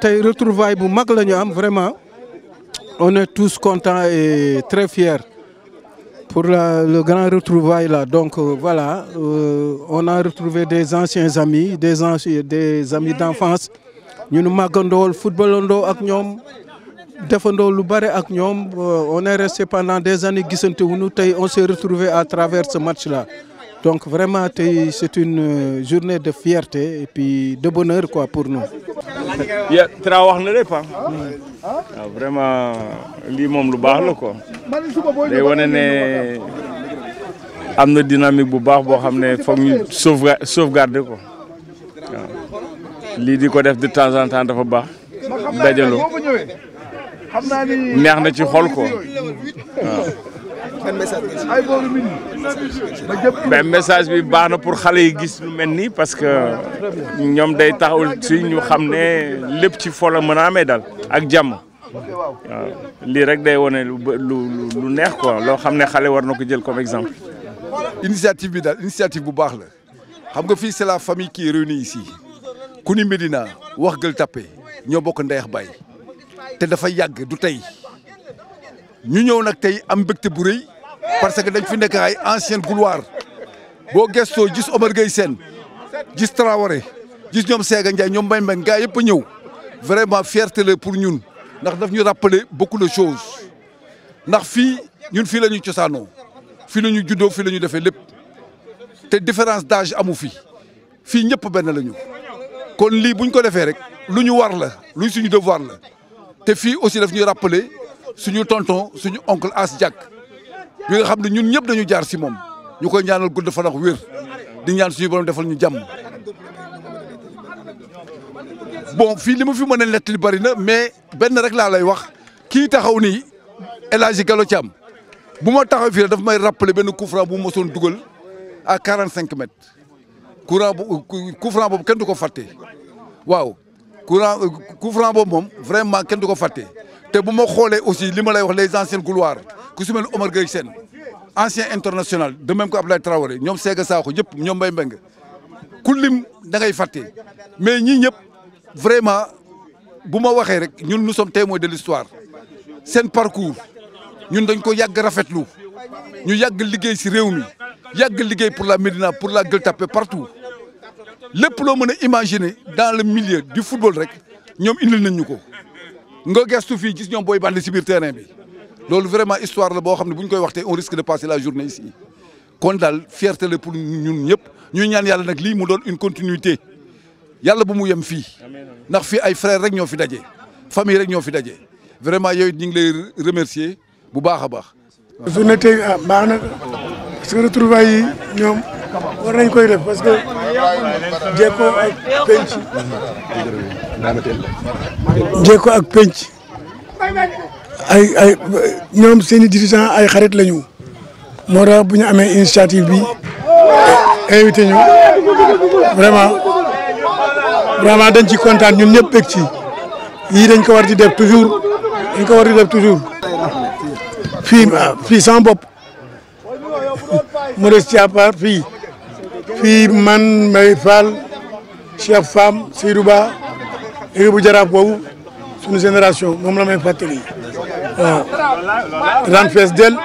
tey retrouvaille bu mag la ñu am vraiment on est tous contents et très fiers pour la, le grand retrouvaille là. Donc euh, voilà, euh, on a retrouvé des anciens amis, des, anciens, des amis d'enfance. Nous nous magandons, footballons avec nous, défendons le barré avec euh, nous. On est resté pendant des années, on s'est retrouvés à travers ce match là. Donc vraiment, c'est une euh, journée de fierté et de bonheur quoi pour nous. ya tra wax na de pa waaw vraiment lii moom lu baax la quoi day wane ne am na dynamique bu baax boo xam ne foog ñu sauvegar ko waaw di ko def de temps en temps dafa baax dajaloo neex na ci xool ko mais message bi baax na pour xale yi gis lu mel nii parce que ñoom day taxawul si ñu xam ne lépp ci fo la mën a amee daal ak jàmm waaw rek day wane lu lu neex quoi loo xam ne xale war na ko jël comme exemple. initiative bi daal initiative bu baax la xam nga fii c'est la famille kii est réunie ici ku ni Médina wax Gueule Tapée ñoo bokk ndeyax baay te dafa yàgg du tey ñu ñëw nag tey am mbégte bu rëy. parce que dañ fi nekk ay ancienne gloire boo gestoo gis Omar Gueye Sène gis Traoré gis ñoom Sega Ndiaye ñoom Mbaye Mbaye gaa yëpp a ñëw vraiment fiertele pour ñun ndax daf ñu rappeler beaucoup de choses ndax fii ñun fii la ñu cosaanoo fii la ñu juddoo fii la ñu defee lépp te différence dage amu fi fii ñëpp benn la ñu kon lii bu ñu ko defee rek lu ñu war la luñ suñu devoir la te fii aussi daf ñuy rappeler suñu tonton suñu oncle As Diack yi nga xam ne ñun ñëpp dañu jaar si moom ñu koy ñaanal gudd fan ak wér di ñaan suñu borom defal ñu jàmm. bon fii li ma fi mën a nettali bari na mais benn rek laa lay wax kii taxaw nii El Hadji Gallo Thiam bu ma taxaw fii daf may rappeler benn coup franc bu mosoon dugal à 45 mètres courant bu coup franc boobu kenn du ko fàtte waaw courant coup franc boobu moom vraiment kenn du ko fàtte te bu ma xoolee aussi li ma lay wax les anciennes gloires. ku si mel Omar Gueye Sène ancien international de même que Abdoulaye Traoré ñoom Séga Sakho ñëpp ñoom Mbaye Mbengue ku lim da ngay fàtte mais ñii ñëpp vraiment bu ma waxee rek ñun nous sommes témoins de l'histoire seen parcours ñun dañ ko yàgg rafetlu ñu yàgg liggéey si réew mi yàgg liggéey pour la Médina pour la Gueule Tapée partout lépp loo mën a imaginer dans le milieu du football rek ñoom indil nañ ñu ko nga gestu fii gis ñoom booy bandi si biir terrain bi loolu vraiment histoire la boo xam ne bu ñu koy waxte on risque de passer la journée ici kon daal fierté la pour ñun ñëpp ñuy ñaan yàlla nag lii mu doon une continuité yàlla bu mu yem fii ndax fii ay frères rek ñoo fi daje famille rek ñoo fi daje vraiment yooyu ñu ngi lay remercier bu baax a baax. journée tey ah, baax na parce que yi ñoom war nañ koy def parce que jéego ak penc. ay ay ñoom seen i dirigeant ay xarit la ñu moo tax bu ñu amee initiative bi eh, invité ñu vraiment vraiment dañ ci kontaan ñun ñëpp bég ci yii dañ ko war di def toujours dañ ko war di def toujours fii fii sans bopp modestie à part fii fii man May Fall Cheikh Fam Seydou Ba équipe bu jaraaf boobu sunu génération moom la may fàttali daan euh, fees del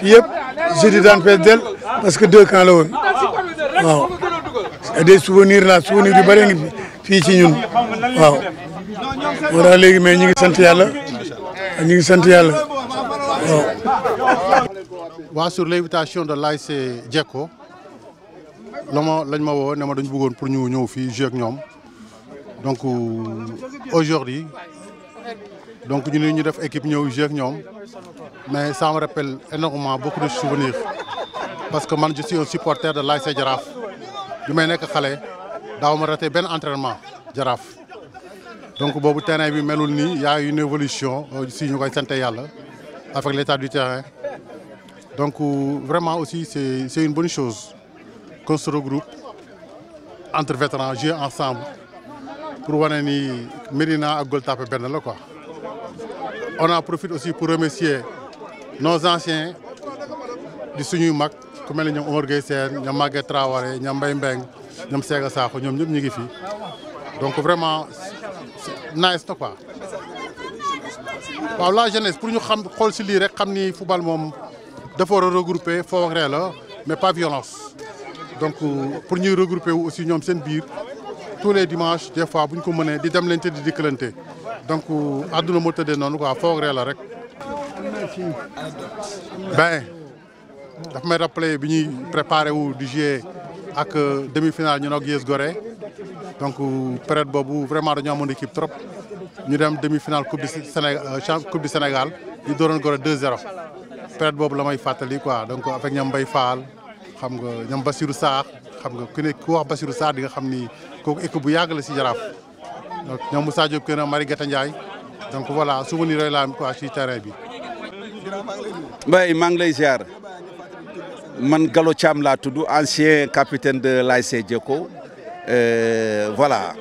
fii yëpp jeudi daan fees del parce que deux camps la woon waaw des souvenirs la souvenirs yu bëri ngi fii ci ñun waaw moo tax léegi mais ñu ngi sant yàlla ñu ngi sant yàlla waaw waa sur l'invitation de l'ASC Diecko jeko ma lañ ma woo ne ma dañu bëggoon pour ñu ñëw fii jouer ak ñoom donc euh, aujourd'hui donc ñu ne ñu def équipe ñëw jouer ak ñoom mais ça me rappelle bokk beaucoup de parce que man je suis un supporter de l'ASC Jaraaf bi may nekk xale daaw ma raté benn entraînement Jaraaf donc boobu terrain bi melul nii y a une évolution euh, si ñu koy sant yàlla avec l'état du terrain donc euh, vraiment aussi c'est une bonne chose qu'on se regroupe entre vétérans jouer ensemble pour wane ni Médina ak Gueule Tapée benn la on profit aussi pour remercier nos anciens di suñuy mag ku mel ni ñoom Omar Gueye Sène ñoom Maguette Traoré ñoom Mbaye Mbeng ñoom Sega Sakho ñoom ñëpp ñu ngi fi donc vraiment na quoi waaw la jeunesse pour ñu xam xool si lii rek xam ni football moom dafa war a foo wax la mais pas violence donc pour ñuy regrouper wu aussi ñoom seen biir tous les dimanches des fois bu ñu ko mënee di dem leen te di dikkalante donc àdduna moo tëddee noonu quoi foog ree la rek. ben daf may rappeler bi ñuy préparé wu di ak euh, demi-finale ñun ak Yes Gorée donc euh, période boobu vraiment dañoo amoon équipe trop ñu dem demi-finale coupe du Sénégal euh, coupe du Sénégal ñu dooroon Gorée 2-0 période boobu la may fàttali quoi donc avec ñoom Mbaye Fall xam nga ñoom Bassirou Sarr xam nga ku ne ku wax Bassirou Sarr di nga xam ni kooku équipe bu yàgg la si Jaraaf. donc ñoom Moussa Diop Kër Marie Gata Ndiaye donc voilà souvenir yooyu laa am quoi ci terrain bi. bay maa ngi lay ziar man Gallo Thiam laa tudd ancien capitaine de l'ASC Diecko euh, voilà.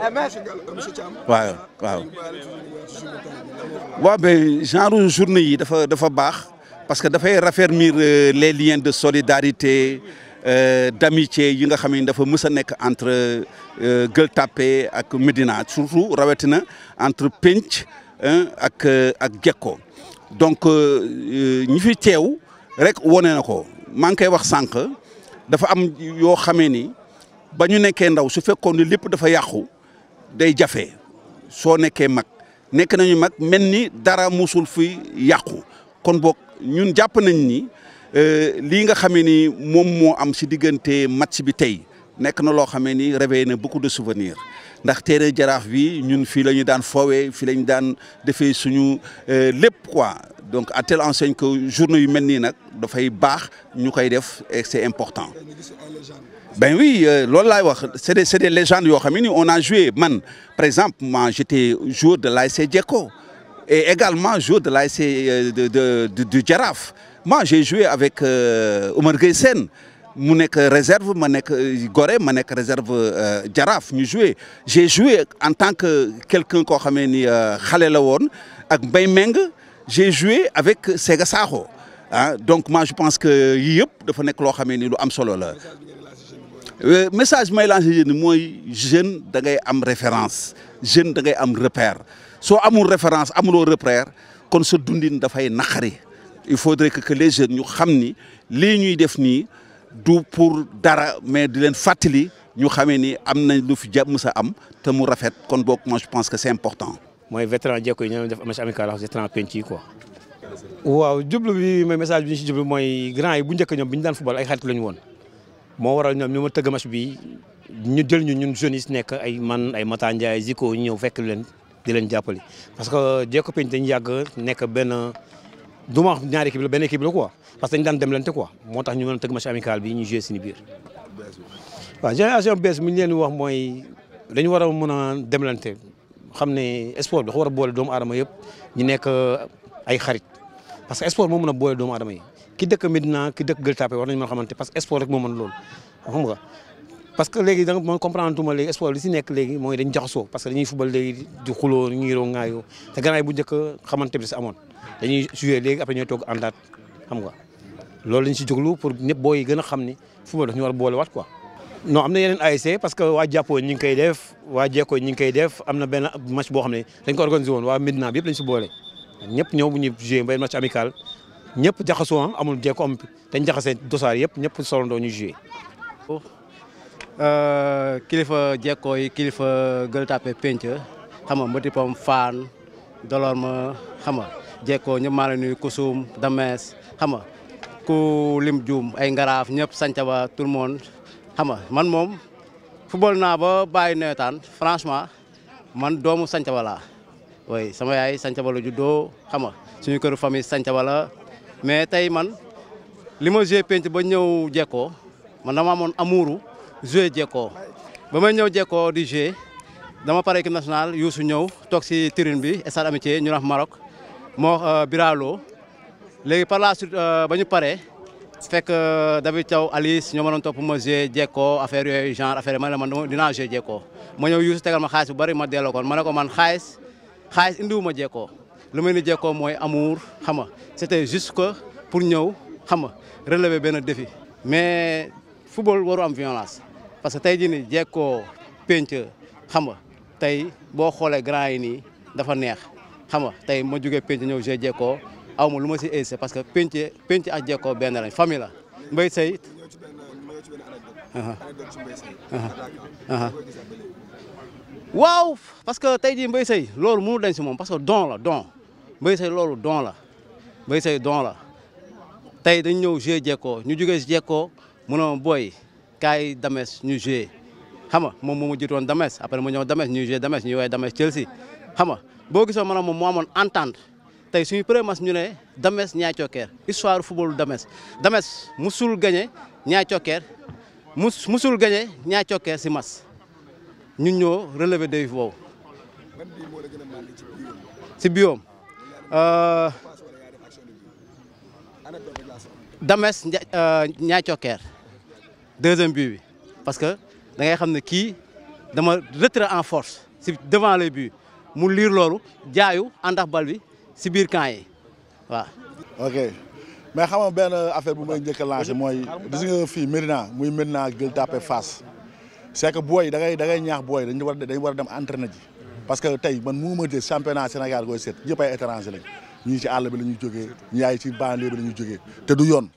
Eh, euh, waaw waaw. ben genre journée yi dafa dafa baax parce que dafay raffermir euh, les liens de solidarité. Euh, d'amitié yi nga xam ni dafa mës a nekk entre euh, Gueule Tapée ak Médina surtout rawetina entre Penc ak euh, ak Gekko donc ñi fi teew rek wone na ko maa ngi koy wax sànq dafa am yoo xamee ni ba ñu nekkee ndaw su fekkoon ni lépp dafa yàqu day jafe soo nekkee mag nekk nañu mag mel ni dara musul fi yàqu kon boog ñun jàpp nañ ni. Euh, lii nga xamee ni moom moo am si diggante match bi tey nekk na loo xamee ni réveillé na beaucoup de souvenir ndax terrain jaraaf bi ñun fii la ñu daan foowee fii lañu daan defee suñu euh, lépp quoi donc à telle enseigne que journée yu mel nii nag dafay baax ñu koy def et c'est important. ben oui euh, loolu laay wax c'est des c'est des légendes yoo xam ni on a joué man par exemple moi j'étais joueur de l'ASC Djeko et également jour de l'ASC de de du Jaraaf. moi j'ai joué avec euh, Omar Gueye Sène mu nekk réserve ma nekk euh, gore ma nekk réserve euh, Jaraaf ñu joué j'ai joué en tant que quelqu'un koo xamee ni xale la woon ak mbay Meng j'ai joué avec Sega Sakho ah donc moi je pense que yii yëpp dafa nekk loo xamee ni lu am solo la message may lancé yéen mooy jeune da ngay am référence jeune da ngay am repère soo amul référence amuloo repère kon sa dundin dafay naqari il faudrait que que les ñu xam ni lii ñuy def nii du pour dara mais di leen fàttali ñu xamee ni am nañ lu fi jàmm sa am te mu rafet kon bokk ma je pense que c'est important. mooy vétéran jekko yi ñoo def match amical ak vétéran penc yi waaw jublu bi mooy message bi ñu si mooy grand yi bu njëkk ñoom bu ñu daan football ay xarit lañu woon moo waral ñoom ñu ma tëgg match bi ñu jël ñu ñu jeunes yi nekk ay man ay Mata Ndiaye Zico ñu ñëw fekk leen di leen jàppale parce du wax ñaari équipe la benn équipe la quoi parce que dañu daan demlante quoi moo tax ñu mën a tëgg mi ñu leen wax mooy dañu war a mën a demlante xam ne sport bi dafa war a boole doomu yëpp nekk ay xarit parce que a boole ki dëkk Médina ki dëkk Gueule Tapée war nañu a xamante si nekk léegi mooy dañ jaxasoo parce que dañuy fubal léegi bu njëkk xamante bi si amoon dañuy joué léegi après ñooy toog àndaat xam nga loolu lañ si joglu pour ñëpp boo yi gën a xam ni football daf ñu war boole waat ko non am na yeneen ASC parce que waa jàppoo ñi ngi koy def waa jekkoo ñi ngi koy def am na benn match boo xam ne dañ ko organisé woon waa Medina bi yëpp si boole ñëpp ñëw bu ñu joué benn match amical ñëpp jaxasoo ah, am amul jekkoo am dañ jaxasee dosaar yëpp ñëpp solandoo ñu joué. Euh, kilifa jekkoo yi kilifa Gueule Tapée Penc xam nga Mbati Pom Fann Delorme jekkoo ñëpp maa la nuyu Kusum ku lim juum ay ngaraaf ñëpp sanca ba tout man moom football naa ba bàyyi nawetaan francement man doomu sanca ba sama yaay sanca ba la juddoo kër nga suñu këru famille sanca ba mais tey man li ma joué ba ñëw jekkoo man dama amoon amuuru joué jekkoo ba may ñëw jekkoo di joué dama pare équipe nationale Youssou ñëw toog si tribune bi stade amitié ñu naan Maroc moo euh, Biralo léegi par la suite euh, ba ñu paree fekk euh, David Thiaw Alice ñoo ma doon topp ma joué jekkoo affaire yooyu genre affaire man la man dinaa joué jekkoo ma ñëw Youssou tegal ma xaalis bu bari ma delloo ko ko man xaalis xaalis indiwu ma jekkoo lu may ni jekkoo mooy amour xam nga c'était juste que pour ñëw xam nga relever benn defi mais football waru am violence parce que tey jii nii jekkoo penc xam nga tey boo xoolee grand yi nii dafa neex xam nga tey ma juge penc ñëw j' jekkoo aw ma lu ma si hésité parce que penc penc ak jekkoo benn lañ famille la Mbaye Seye. Uh-huh. Uh-huh. waaw parce que tey jii Mbaye Seye loolu mënu dañ si moom parce que don la don Mbaye Seye loolu don la Mbaye Seye don la tey dañ ñëw j' jekkoo ñu jógee jekkoo mënoo booy kaay dames ñu joué xam nga moom moo ma jiitoon dames après ma ñëw dames ñuy joué dames ñuy woowee dames Chelsea xam boo ma maanaam moom moo amoon entente tey suñu premier mas ñu ne Dames ñaa Thioker histoire football Dames Dames musul gagné Niayes mu musul gagné Niayes Thioker si mas ñu ñoo relever défi boobu. si biom euh, Dames Niayes euh, Thioker deuxième but bi parce que da ngay xam ne kii dama retrait en force si devant les buts. mu liir loolu jaayu àndax bal bi si biir camp yi waaw. ok xam nga benn affaire bu may njëkk a mooy gis nga fii Médina muy Médina Gueule Tapée Fass c'est que booy da ngay da ñaax booy dañu war dañu war a dem entraîner ji parce que tey man mu ma jël championnat Sénégal koy seet ñëpp ay étranger lañ ñii ci àll bi la ñuy jógee ñii ay ci banlieue bi la ñuy jógee te du yoon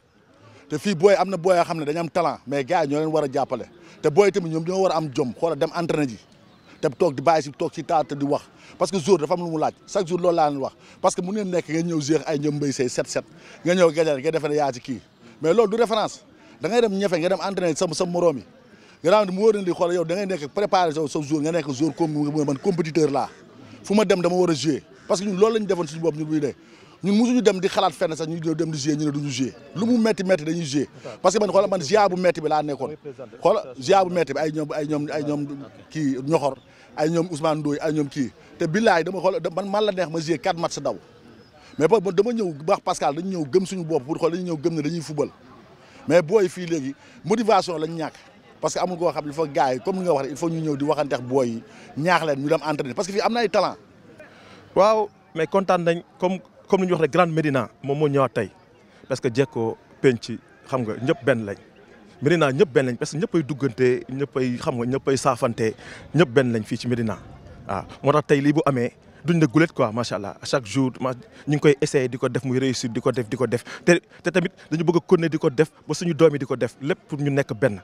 te fii booy am na booy yoo xam ne dañu am talent mais gars ñoo leen war a jàppale te booy tamit ñoom ñoo war a am jom xoola dem entraîner ji te toog di bàyyi si toog si taata di wax parce que jour dafa am lu mu laaj chaque jour loolu laa leen wax parce que mu ngeen nekk nga ñëw géex ay ñoom mbéy say set nga ñëw gajar nga defe ne kii mais loolu du référence da ngay dem ñefe nga dem entraîné sa sa nga daan mu wóor na di xool yow da ngay nekk préparé sa jour nga nekk jour comme man compétiteur laa fu ma dem dama war a jouer parce que ñun loolu lañ defoon suñu bopp ñu ñun mosuñu dem di xalaat fenn sax ñu dem di jouer ñu ne duñu jouer lu mu metti metti dañuy jouer parce que man xoola man metti bi laa nekkoon xoola gia metti bi ay ñoom kii ñoxor ay ñoom Ousmane Ndoye ay ñoom kii te billaay man man la neex ma jouer quatre matchs daw mais ba dama ñëw baax Pascal dañu ñëw gëm suñu bopp pour xool dañu ñëw gëm ne dañuy fubal mais booy fii léegi motivation lañ ñàkk parce que amul koo xam ne il faut comme ni nga wax il faut ñu ñëw di waxanteex booy yi comme ni ñu wax rek Grande Médina moom moo ñëwaat tey parce que Jekko penc xam nga ñëpp benn lañ Médina ñëpp benn lañ parce que ñëppay duggante ñëppay xam nga ñëppay saafante ñëpp benn lañ fii ci Médina waaw moo tax tey lii bu amee duñ ne gulet quoi macha allah chaque jour ma ñu ngi koy essayer di def muy réussir di ko def di ko def te te tamit dañu bëgg a continuer di ko def ba suñu doom yi di ko def lépp pour ñu nekk benn.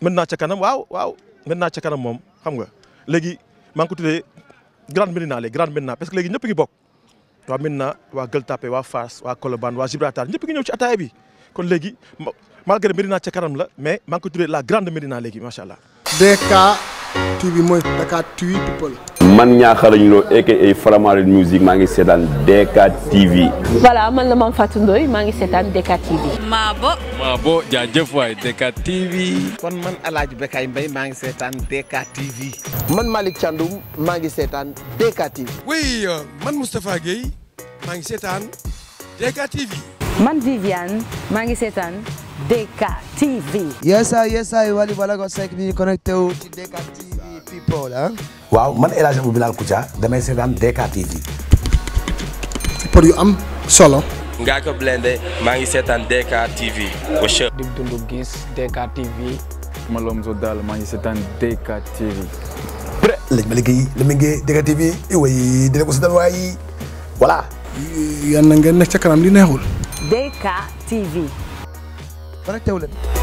Médina ca kanam waaw waaw Médina ca kanam moom xam nga léegi maa ngi ko tuddee Grande Médina léegi Grande Médina parce que léegi ñëpp ngi bokk. waa Médina waa Gueule Tapée waa Fass waa Colobane waa Gibraltar ñëpp ngi ñëw ci ataaya bi kon léegi malgré Médina ca kanam la mais maa ngi ko tuddee la grande Médina léegi macha allah. DK TV mooy Dakar TV people. man Niakhar Gno aka Faramareen musique maa ngi seetaan DK TV. voilà man la Mame Fatou Ndoye maa ngi seetaan DK TV. Maabo. Maabo jaajëf waay DK TV. kon man El Hadj Bekay Mbaye maa ngi seetaan DK TV. man Malick Thiandoum maa ngi seetaan DK TV. oui man Moustapha Guèye maa ngi seetaan DK TV. man Viviane maa ngi seetaan. DKTV. yes sir yes sir Wally Ballago Seck mi connecté wu ci DKTV people ah. waaw man a Hadj Bilal Koutia damay seetaan DKTV. pour yu am solo. ngaa ko blende maa ngi seetaan DKTV. di dundu gis DKTV. Malom Zodal maa ngi seetaan DKTV. pré lañ ma liggéey la ma liggéey DKTV way dina ko seetaan waay voilà. yàlla na ngeen nekk ca kanam li neexul. connecté wu leen